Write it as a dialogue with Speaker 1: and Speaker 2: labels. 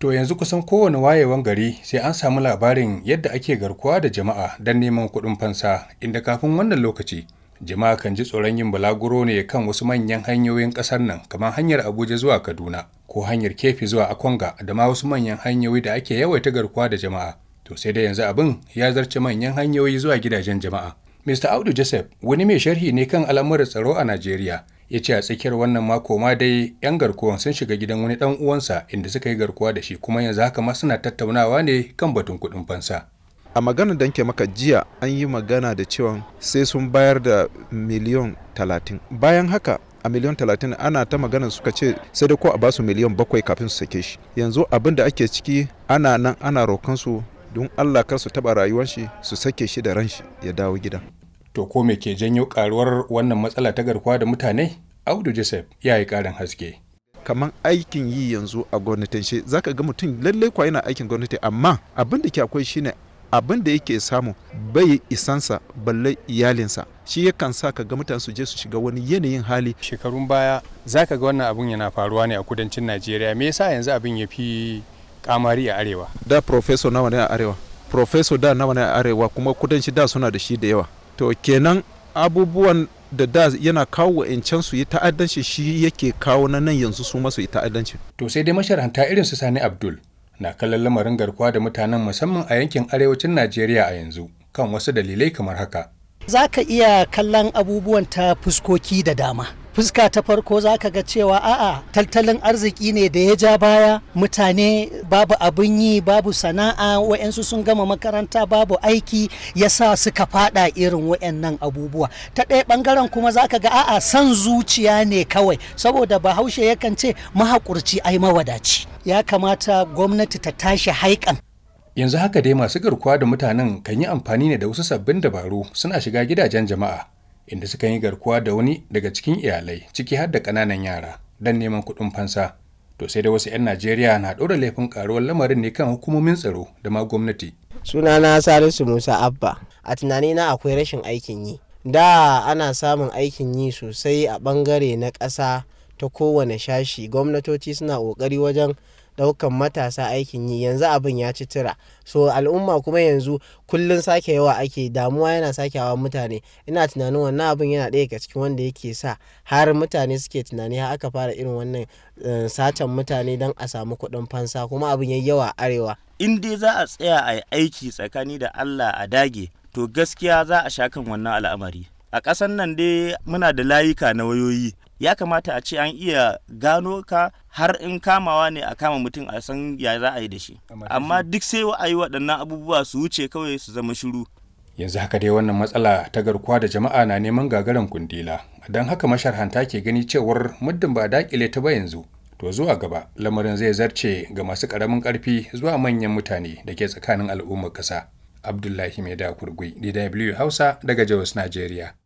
Speaker 1: To yanzu kusan kowane wayewan gari sai an samu labarin yadda ake garkuwa da jama'a don neman kuɗin fansa inda kafin wannan lokaci jama'a kan ji tsoron yin balaguro ne kan wasu manyan hanyoyin ƙasar nan kamar hanyar Abuja zuwa Kaduna ko hanyar Kefi zuwa Akwanga da ma wasu manyan hanyoyi da ake yawaita garkuwa da jama'a. To sai dai yanzu abin ya zarce manyan hanyoyi zuwa gidajen jama'a. Mr. Audu Joseph wani mai sharhi ne kan al'amuran tsaro a Najeriya ya ce a tsakiyar wannan mako ma dai 'yan garkuwan sun shiga gidan wani dan uwansa inda suka yi garkuwa da shi kuma yanzu haka ma suna tattaunawa ne kan batun kuɗin fansa
Speaker 2: a maganar da nke maka jiya an yi magana da cewa sai sun bayar da miliyon talatin bayan haka a miliyon talatin ana ta magana suka ce sai dai ko a basu miliyan bakwai kafin su sake shi yanzu abin da ake ciki ana nan ana roƙon su don allah kar su taɓa rayuwar shi su sake shi
Speaker 1: da ran shi ya dawo gida To ko me ke janyo karuwar wannan matsala ta garkuwa da mutane?
Speaker 2: Audu Joseph ya yi karin haske. kamar aikin yi yanzu a za ka ga mutum lallai kwa yana aikin gwamnati amma abin da ke akwai shine abin da yake samu bai isansa balle iyalinsa shi yakan sa ka ga mutane su je su shiga wani yanayin hali
Speaker 1: shekarun baya za ka ga wannan abin yana faruwa ne a kudancin najeriya me yasa yanzu abin ya fi kamari a arewa
Speaker 2: da professor nawa ne a arewa professor da nawa ne a arewa kuma kudanci da suna da shi da yawa to kenan abubuwan da da yana kawo wa'ancan su yi ta'addanci shi yake kawo na nan yanzu su masu yi ta'addanci. To sai dai masharanta irin su Sani
Speaker 1: Abdul na kallon lamarin garkuwa da mutanen musamman a yankin arewacin Najeriya a yanzu kan wasu dalilai kamar haka.
Speaker 3: Za ka iya kallon abubuwan ta fuskoki da dama. fuska ta farko za ka ga cewa a'a tattalin arziki ne da ya ja baya mutane babu abin yi babu sana'a wa'yansu sun gama makaranta babu aiki ya sa suka fada irin wa'yannan abubuwa ta ɗaya ɓangaren kuma za ka ga a'a san zuciya ne kawai saboda bahaushe yakan ce mahaƙurci ai mawadaci ya kamata gwamnati ta tashi haikan
Speaker 1: yanzu haka dai masu garkuwa da mutanen kan yi amfani ne da wasu sabbin dabaru suna shiga gidajen jama'a inda suka yi garkuwa da wani daga cikin iyalai ciki har da ƙananan yara don neman kuɗin fansa to sai da wasu 'yan najeriya na ɗora laifin
Speaker 4: ƙaruwar lamarin ne kan hukumomin tsaro da ma gwamnati sunana salisu musa abba a tunani na akwai rashin aikin yi da ana samun aikin yi sosai a ɓangare na ƙasa ta kowane shashi gwamnatoci suna ƙoƙari wajen daukan matasa aikin yi yanzu abin ya ci tira so al'umma kuma yanzu kullun sake yawa ake damuwa yana sake hawa mutane ina tunanin wannan abin yana ɗaya ga cikin wanda yake sa har mutane suke tunani har aka fara irin wannan eh, satan mutane don a samu kuɗin fansa kuma abin yayi yawa arewa
Speaker 5: in dai za a tsaya a yi aiki tsakani da Allah a dage to gaskiya za a sha kan wannan al'amari a ƙasan nan dai muna da layuka na wayoyi ya kamata a ce an iya gano ka har in kamawa ne a kama mutum a san ya za a yi da shi amma duk sai wa yi waɗannan abubuwa su wuce kawai su zama shiru
Speaker 1: yanzu haka dai wannan matsala ta garkuwa da jama'a na neman gagaran kundila don haka masharhanta ke gani cewar muddin ba dakile ta ba yanzu to zuwa gaba lamarin zai zarce ga masu karamin karfi zuwa manyan mutane da ke tsakanin al'ummar ƙasa abdullahi mai da kurgui dw hausa daga jos najeriya